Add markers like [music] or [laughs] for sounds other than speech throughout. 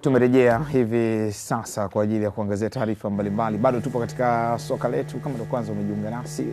Tumerejea hivi sasa kwa ajili ya kuangazia taarifa mbalimbali. Bado tupo katika soka letu. Kama ndo kwanza umejiunga nasi,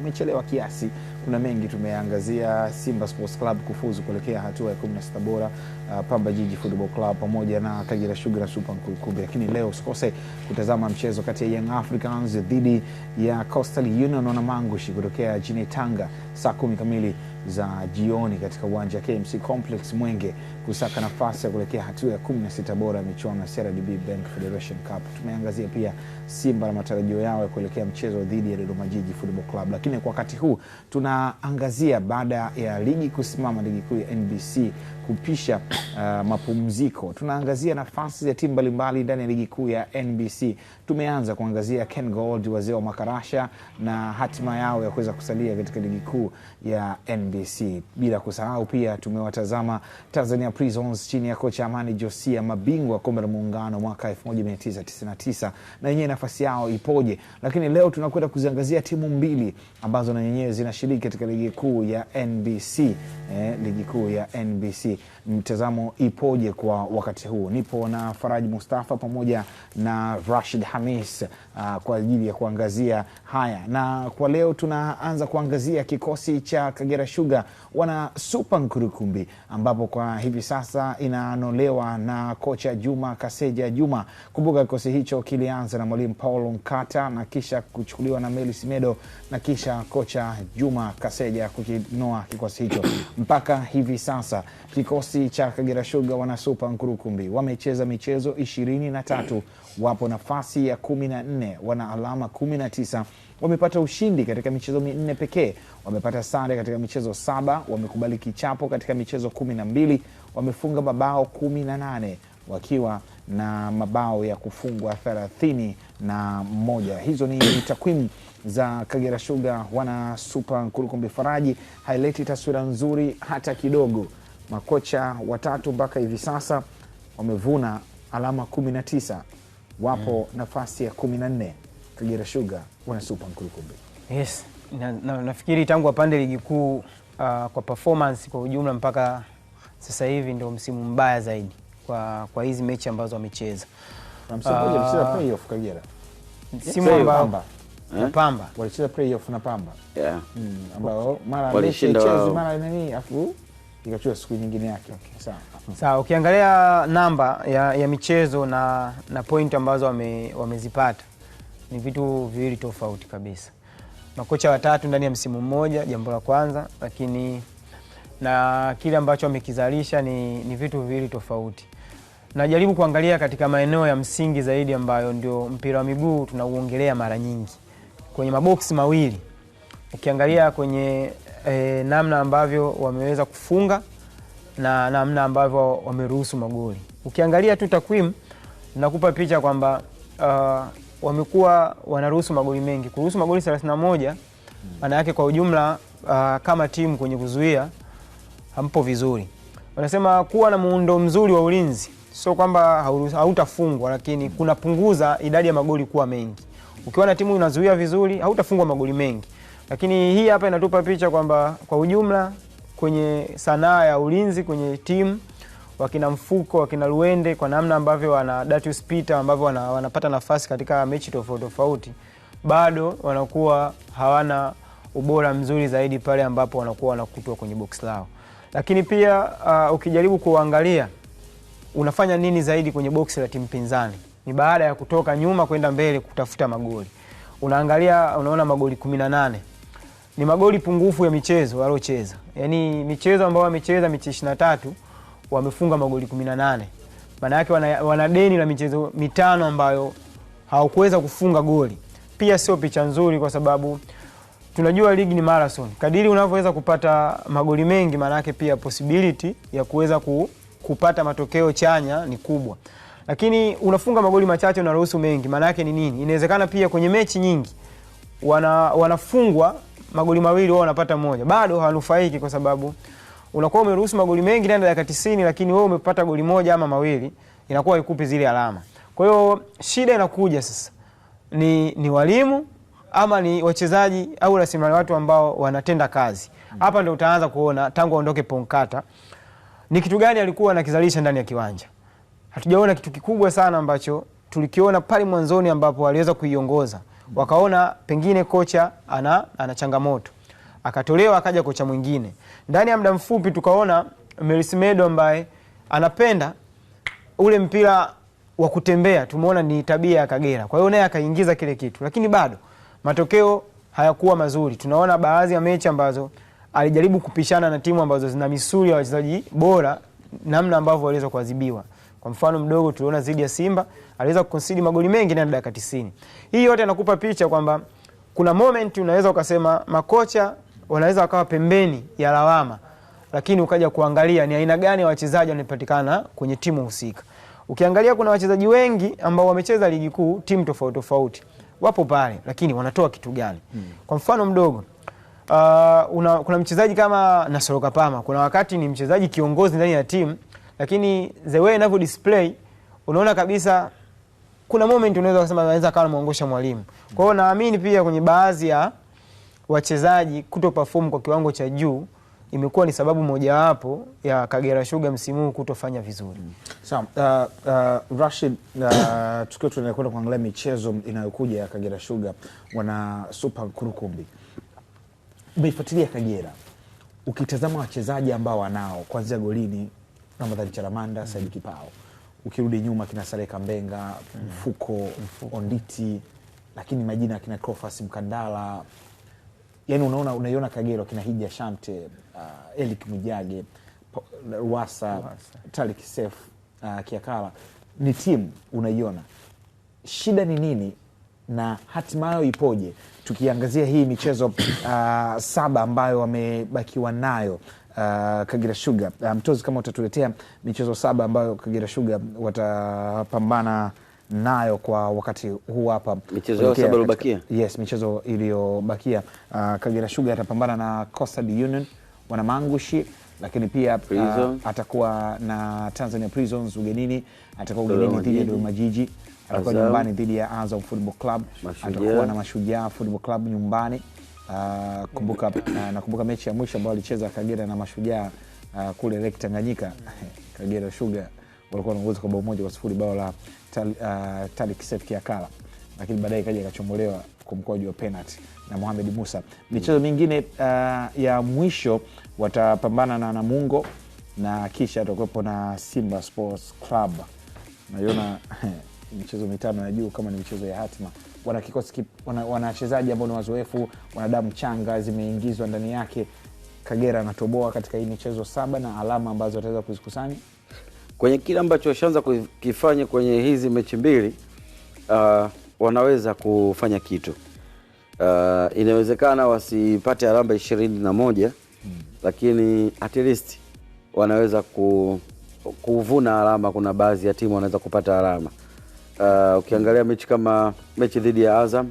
umechelewa kiasi. Kuna mengi tumeangazia: Simba Sports Club kufuzu kuelekea hatua ya 16 bora, uh, Pamba Jiji Football Club pamoja na Kagera Sugar na Super Nkumbi. Lakini leo usikose kutazama mchezo kati ya Young Africans dhidi ya Coastal Union Wanamangushi kutokea jini Tanga saa kumi kamili za jioni katika uwanja wa KMC Complex Mwenge kusaka nafasi ya kuelekea hatua ya 16 bora ya michuano ya CRDB Bank Federation Cup. Tumeangazia pia Simba na matarajio yao ya kuelekea mchezo dhidi ya Dodoma Jiji Football Club, lakini kwa wakati huu tunaangazia baada ya ligi kusimama, ligi kuu ya NBC kupisha uh, mapumziko. Tunaangazia nafasi za timu mbalimbali ndani ya ligi kuu ya NBC. Tumeanza kuangazia Ken Gold, wazee wa Makarasha na hatima yao ya kuweza kusalia katika ligi kuu ya NBC, bila kusahau pia tumewatazama Tanzania Prisons chini ya kocha Amani Josia, mabingwa kombe la muungano mwaka 1999 na yenyewe nafasi yao ipoje. Lakini leo tunakwenda kuziangazia timu mbili ambazo na yenyewe zinashiriki katika ligi kuu ya NBC eh, ligi kuu ya NBC mtazamo ipoje kwa wakati huu? Nipo na Faraji Mustafa pamoja na Rashid Hamis uh, kwa ajili ya kuangazia haya, na kwa leo tunaanza kuangazia kikosi cha Kagera Sugar wana supa Nkurukumbi, ambapo kwa hivi sasa inanolewa na kocha Juma Kaseja Juma. Kumbuka kikosi hicho kilianza na mwalimu Paulo Nkata na kisha kuchukuliwa na Meli Simedo na kisha kocha Juma Kaseja kukinoa kikosi hicho [clears throat] mpaka hivi sasa Kikosi cha Kagera Sugar wanasupa nkurukumbi, wamecheza michezo ishirini na tatu, wapo nafasi ya kumi na nne, wana alama kumi na tisa. Wamepata ushindi katika michezo minne pekee, wamepata sare katika michezo saba, wamekubali kichapo katika michezo kumi na mbili, wamefunga mabao kumi na nane wakiwa na mabao ya kufungwa thelathini na moja. Hizo ni takwimu za Kagera Sugar wana kurukumbi nkurukumbi. Faraji, haileti taswira nzuri hata kidogo. Makocha watatu mpaka hivi sasa wamevuna alama 19 wapo mm. nafasi ya 14. Kagera shuga wanasupa mkurukumbi Yes, na, na, nafikiri tangu wapande ligi kuu uh, kwa performance kwa ujumla mpaka sasa hivi ndio msimu mbaya zaidi kwa kwa hizi mechi ambazo wamecheza. Msimu uh, eh? Pamba walicheza na Pamba mm, ambao mara mechi mara nini afu ikachua siku nyingine yake. Okay, sawa. Ukiangalia namba ya, ya michezo na, na point ambazo wame, wamezipata ni vitu viwili tofauti kabisa. Makocha watatu ndani ya msimu mmoja, jambo la kwanza, lakini na kile ambacho wamekizalisha ni, ni vitu viwili tofauti. Najaribu kuangalia katika maeneo ya msingi zaidi ambayo ndio mpira wa miguu tunauongelea mara nyingi, kwenye maboksi mawili. Ukiangalia kwenye e, namna ambavyo wameweza kufunga na namna ambavyo wameruhusu magoli. Ukiangalia tu takwimu nakupa picha kwamba uh, wamekuwa wanaruhusu magoli mengi, kuruhusu magoli 31 maana yake kwa ujumla uh, kama timu kwenye kuzuia hampo vizuri. Wanasema kuwa na muundo mzuri wa ulinzi sio kwamba hautafungwa, lakini kunapunguza idadi ya magoli kuwa mengi. Ukiwa na timu inazuia vizuri, hautafungwa magoli mengi. Lakini hii hapa inatupa picha kwamba kwa ujumla kwenye sanaa ya ulinzi kwenye timu wakina Mfuko, wakina Luende kwa namna ambavyo wana Datius Peter ambavyo wana, wanapata nafasi katika mechi tofauti tofauti, bado wanakuwa hawana ubora mzuri zaidi pale ambapo wanakuwa wanakutwa kwenye box lao. Lakini pia uh, ukijaribu kuangalia unafanya nini zaidi kwenye box la timu pinzani, ni baada ya kutoka nyuma kwenda mbele kutafuta magoli, unaangalia unaona magoli 18 ni magoli pungufu ya michezo waliocheza, yaani michezo ambayo wamecheza michezo ishirini na tatu wamefunga magoli kumi na nane maana yake wana, wana deni la michezo mitano ambayo hawakuweza kufunga goli. Pia sio picha nzuri, kwa sababu tunajua ligi ni marathon. Kadiri unavyoweza kupata magoli mengi, maana yake pia possibility ya kuweza ku, kupata matokeo chanya ni kubwa, lakini unafunga magoli machache, unaruhusu mengi, maana yake ni nini? Inawezekana pia kwenye mechi nyingi wana, wanafungwa magoli mawili wao wanapata moja, bado hawanufaiki kwa sababu unakuwa umeruhusu magoli mengi ndani ya dakika tisini lakini wewe umepata goli moja ama mawili, inakuwa ikupi zile alama. Kwa hiyo shida inakuja sasa ni, ni walimu ama ni wachezaji au rasilimali watu ambao wanatenda kazi hapa. ndo utaanza kuona tangu aondoke Ponkata ni kitu gani alikuwa anakizalisha ndani ya kiwanja. Hatujaona kitu kikubwa sana ambacho tulikiona pale mwanzoni ambapo aliweza kuiongoza wakaona pengine kocha ana, ana changamoto akatolewa akaja kocha mwingine. Ndani ya muda mfupi tukaona Melisemedo ambaye anapenda ule mpira wa kutembea, tumeona ni tabia ya Kagera, kwa hiyo naye akaingiza kile kitu, lakini bado matokeo hayakuwa mazuri. Tunaona baadhi ya mechi ambazo alijaribu kupishana na timu ambazo zina misuri ya wachezaji bora, namna ambavyo waliweza kuadhibiwa. Kwa mfano mdogo tuliona zidi ya Simba aliweza kukonsidi magoli mengi ndani dakika tisini Hii yote anakupa picha kwamba kuna moment unaweza ukasema makocha wanaweza wakawa pembeni ya lawama, lakini ukaja kuangalia ni aina gani ya wachezaji wanapatikana kwenye timu husika. Ukiangalia kuna wachezaji wengi ambao wamecheza ligi kuu timu tofauti tofauti, wapo pale, lakini wanatoa kitu gani? Hmm. Kwa mfano mdogo uh, una, kuna mchezaji kama nasoroka pama kuna wakati ni mchezaji kiongozi ndani ya timu lakini the way inavyo display unaona kabisa kuna moment unaweza kusema anaweza kawa anamuangusha mwalimu. Kwa hiyo naamini pia kwenye baadhi ya wachezaji kuto perform kwa kiwango cha juu imekuwa ni sababu mojawapo ya Kagera Sugar msimu huu kutofanya vizuri. Sawa. uh, uh, Rashid, uh, [coughs] tukiwa tunakwenda kuangalia michezo inayokuja ya Kagera Sugar, wana Super Kurukumbi, umeifuatilia Kagera, ukitazama wachezaji ambao wanao kuanzia golini Ramadhani Charamanda mm. Saidi Kipao, ukirudi nyuma kina Saleka Mbenga mhm. Mfuko, Mfuko, Onditi, lakini majina akina Crofas Mkandala, yani unaona unaiona Kagero kina Hija Shamte, uh, Elik Mwijage, Ruasa, Talik Sef, uh, Kiakala ni timu unaiona. Shida ni nini na hatima yao ipoje, tukiangazia hii michezo uh, saba ambayo wamebakiwa nayo Uh, Kagera Sugar. Uh, Mtozi, kama utatuletea michezo saba ambayo Kagera Sugar watapambana nayo kwa wakati huu hapa, michezo iliyobakia yes, michezo iliyobakia uh, Kagera Sugar atapambana na Coastal Union wana Mangushi, lakini pia uh, atakuwa na Tanzania Prisons ugenini, atakuwa ugenini dhidi ya Dodoma Jiji, atakuwa nyumbani dhidi ya Azam Football Club, atakuwa na Mashujaa Football Club nyumbani Uh, kumbuka, uh, nakumbuka mechi ya mwisho ambayo alicheza Kagera na Mashujaa uh, kule Lake Tanganyika [laughs] Kagera Sugar walikuwa wanaongoza kwa bao moja kwa sifuri bao la tal, uh, Seif Kiakala, lakini baadaye ikaja ikachomolewa kwa mkwaju wa penalty na Mohamed Musa. Michezo mingine uh, ya mwisho watapambana na Namungo na kisha atakuwepo na Simba Sports Club. Naiona [laughs] michezo mitano ya juu kama ni michezo ya hatima wana kikosi wanawachezaji ambao ni wazoefu, damu changa zimeingizwa ndani yake. Kagera anatoboa katika hii michezo saba na alama ambazo ataweza kuzikusanya kwenye kile ambacho washaanza kukifanya kwenye hizi mechi mbili. Uh, wanaweza kufanya kitu uh, inawezekana wasipate alama ishirini na moja hmm, lakini at least wanaweza ku, kuvuna alama. Kuna baadhi ya timu wanaweza kupata alama uh, ukiangalia mechi kama mechi dhidi ya Azam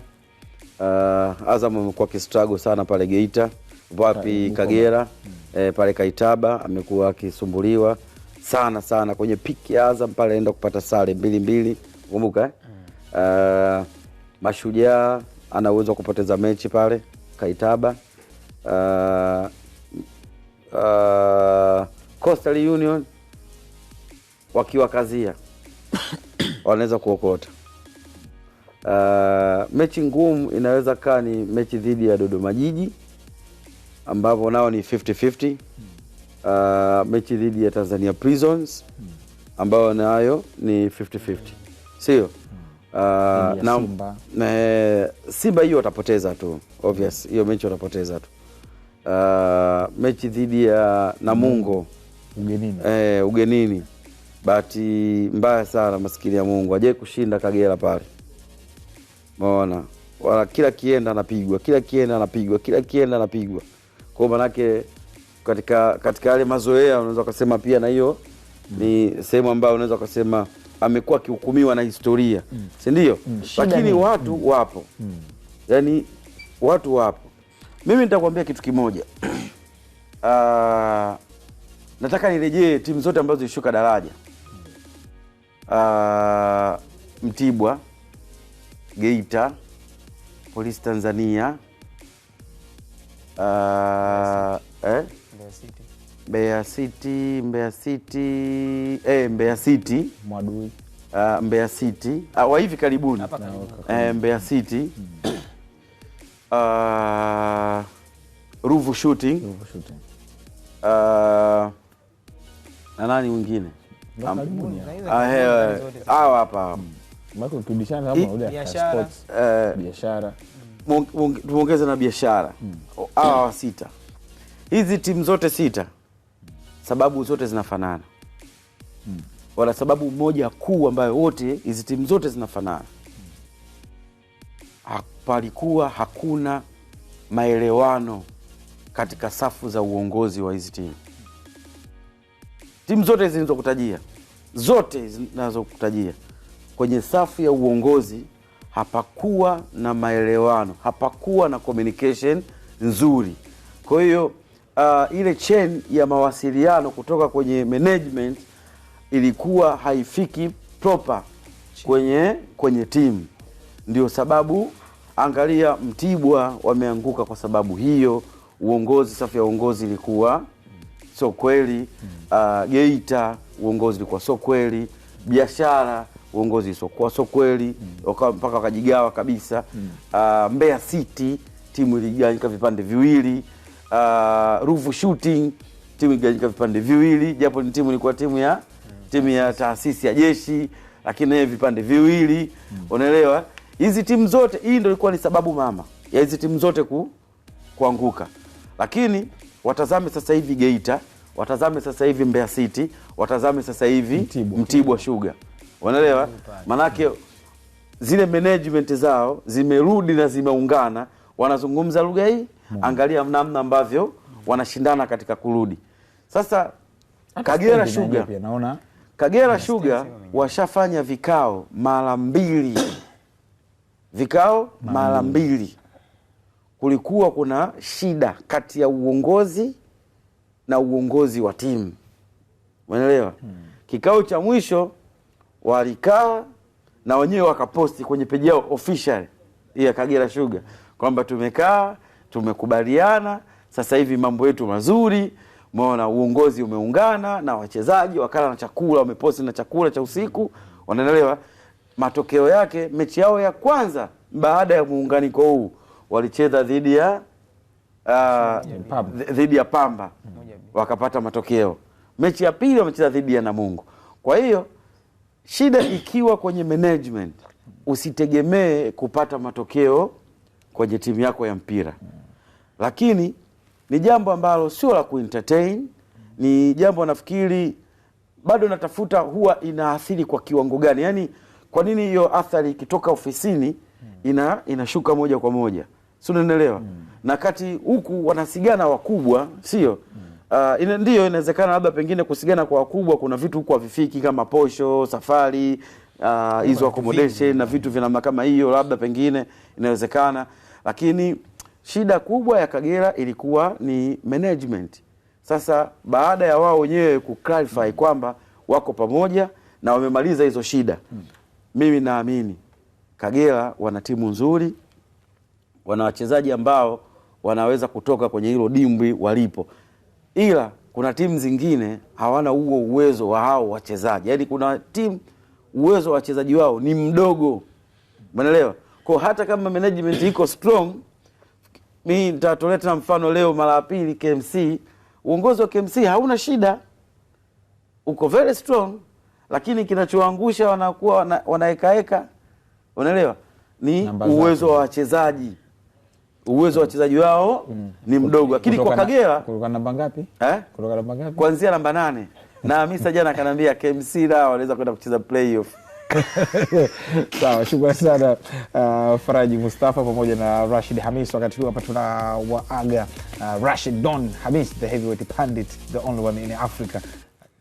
uh, Azam amekuwa kistrago sana pale Geita, wapi Kagera hmm. eh, pale Kaitaba amekuwa akisumbuliwa sana sana kwenye piki ya Azam pale, aenda kupata sare mbili mbili, kumbuka eh? Hmm. Uh, mashujaa ana uwezo wa kupoteza mechi pale Kaitaba. Uh, uh, Coastal Union wakiwa kazia [coughs] wanaweza kuokota. Uh, mechi ngumu inaweza kaa ni mechi dhidi ya Dodoma Jiji ambapo nao ni 50-50. Uh, ah, mechi dhidi ya Tanzania Prisons ambayo nayo ni 50-50, sio? Uh, na, eh, Simba hiyo watapoteza tu obvious, hiyo mechi watapoteza tu. Uh, mechi dhidi ya Namungo ugenini, eh, ugenini bahati mbaya sana, maskini ya Mungu ajai kushinda Kagera pale, maona wala kila kienda anapigwa, kila kienda anapigwa, kila kienda anapigwa. Kwa hiyo manake katika katika yale mazoea unaweza ukasema pia na hiyo mm. ni sehemu ambayo unaweza ukasema amekuwa akihukumiwa na historia mm. si ndio? mm. lakini mm. watu wapo mm. yani watu wapo. Mimi nitakwambia kitu kimoja uh, [clears throat] nataka nirejee timu zote ambazo zilishuka daraja uh, Mtibwa, Geita, Polisi Tanzania, uh, eh? Mbeya City, Mbeya City, Mbeya City, eh, Mbeya City Mwadui Uh, Mbeya City uh, wa hivi karibuni eh, Mbeya City uh, Ruvu Shooting, Ruvu Shooting. Uh, na nani mwingine hawa ah, eh, eh, hmm. biashara eh. na biashara hmm. hawa wa sita, hizi timu zote sita, sababu zote zinafanana hmm. Wana sababu moja kuu ambayo wote hizi timu zote zinafanana hmm. Palikuwa hakuna maelewano katika safu za uongozi wa hizi timu timu zote zilizokutajia zote zinazokutajia kwenye safu ya uongozi hapakuwa na maelewano, hapakuwa na communication nzuri. Kwa hiyo uh, ile chain ya mawasiliano kutoka kwenye management ilikuwa haifiki proper kwenye kwenye timu. Ndio sababu angalia, Mtibwa wameanguka kwa sababu hiyo, uongozi, safu ya uongozi ilikuwa sio kweli mm. uh, Geita uongozi ulikuwa sio kweli, biashara uongozi isiokuwa sio kweli mm. wakawa mpaka wakajigawa kabisa. Mm. Uh, Mbeya City timu iligawanyika vipande viwili. Uh, Ruvu Shooting timu iligawanyika vipande viwili, japo ni timu ilikuwa timu ya timu ya taasisi ya jeshi, lakini naye vipande viwili. Unaelewa, hizi timu zote, hii ndio ilikuwa ni sababu mama ya hizi timu zote ku, kuanguka, lakini watazame sasa hivi Geita, watazame sasa hivi mbea City, watazame sasa hivi Mtibwa, shuga Sugar, manake zile management zao zimerudi na zimeungana, wanazungumza lugha hii hmm. Angalia namna ambavyo wanashindana katika kurudi sasa. Kagera shuga Kagera shuga washafanya vikao mara mbili, vikao mara mbili kulikuwa kuna shida kati ya uongozi na uongozi wa timu, umeelewa? Hmm. Kikao cha mwisho walikaa na wenyewe wakaposti kwenye peji yao official ya Kagera Sugar kwamba tumekaa tumekubaliana, sasa hivi mambo yetu mazuri, umeona, uongozi umeungana na wachezaji wakala na chakula, wameposti na chakula cha usiku, wanaelewa. Matokeo yake mechi yao ya kwanza baada ya muunganiko huu walicheza dhidi ya ah, dhidi ya Pamba wakapata matokeo. Mechi ya pili wamecheza dhidi ya Namungo. Kwa hiyo shida ikiwa kwenye management, usitegemee kupata matokeo kwenye timu yako ya mpira, lakini ni jambo ambalo sio la kuentertain. Ni jambo nafikiri bado natafuta huwa inaathiri kwa kiwango gani, yaani kwa nini hiyo athari ikitoka ofisini ina inashuka moja kwa moja si unaelewa mm. na kati huku wanasigana wakubwa sio mm. uh, ah, ndio inawezekana labda pengine kusigana kwa wakubwa kuna vitu huku havifiki kama posho safari ah, hizo uh, accommodation na vitu vya namna kama hiyo labda pengine inawezekana lakini shida kubwa ya Kagera ilikuwa ni management sasa baada ya wao wenyewe ku mm. kwamba wako pamoja na wamemaliza hizo shida mm. mimi naamini Kagera wana timu nzuri wana wachezaji ambao wanaweza kutoka kwenye hilo dimbwi walipo, ila kuna timu zingine hawana huo uwezo wa hao wachezaji. Yaani kuna timu uwezo wa wachezaji wao ni mdogo, umeelewa? Kwa hata kama management iko strong, mimi nitatolea tena mfano leo mara ya pili KMC, uongozi wa KMC hauna shida, uko very strong, lakini kinachoangusha wanakuwa wanaekaeka, unaelewa, ni uwezo wa wachezaji uwezo wa mm. wachezaji wao mm. ni mdogo, lakini kwa Kagera kutoka namba ngapi eh? kutoka namba ngapi? Kuanzia namba nane [laughs] na Hamisa jana akaniambia KMC la wanaweza kwenda kucheza playoff. [laughs] Sawa, shukrani sana uh, Faraji Mustafa pamoja na Rashid Hamis. Wakati huu hapa tuna waaga uh, Rashid Don Hamis, the heavyweight pandit, the only one in Africa.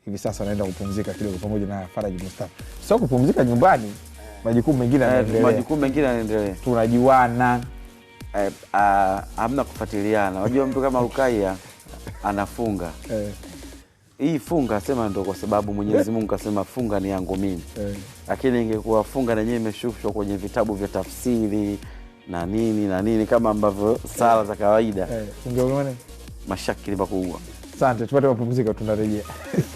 Hivi sasa wanaenda kupumzika kidogo pamoja na Faraji Mustafa, sio kupumzika nyumbani, majukumu mengine eh, yanaendelea, majukumu mengine yanaendelea, tunajuana eh, ah, hamna wajua Unajua mtu kama Rukaiya ah, anafunga eh. Hii funga sema ndo kwa sababu Mwenyezi Mungu kasema funga ni yangu mimi eh. Lakini ingekuwa funga nenyewe imeshushwa kwenye vitabu vya tafsiri na nini na nini kama ambavyo sala za kawaida eh, mashakiri makubwa. Asante, tupate mapumziko, tunarejea [laughs]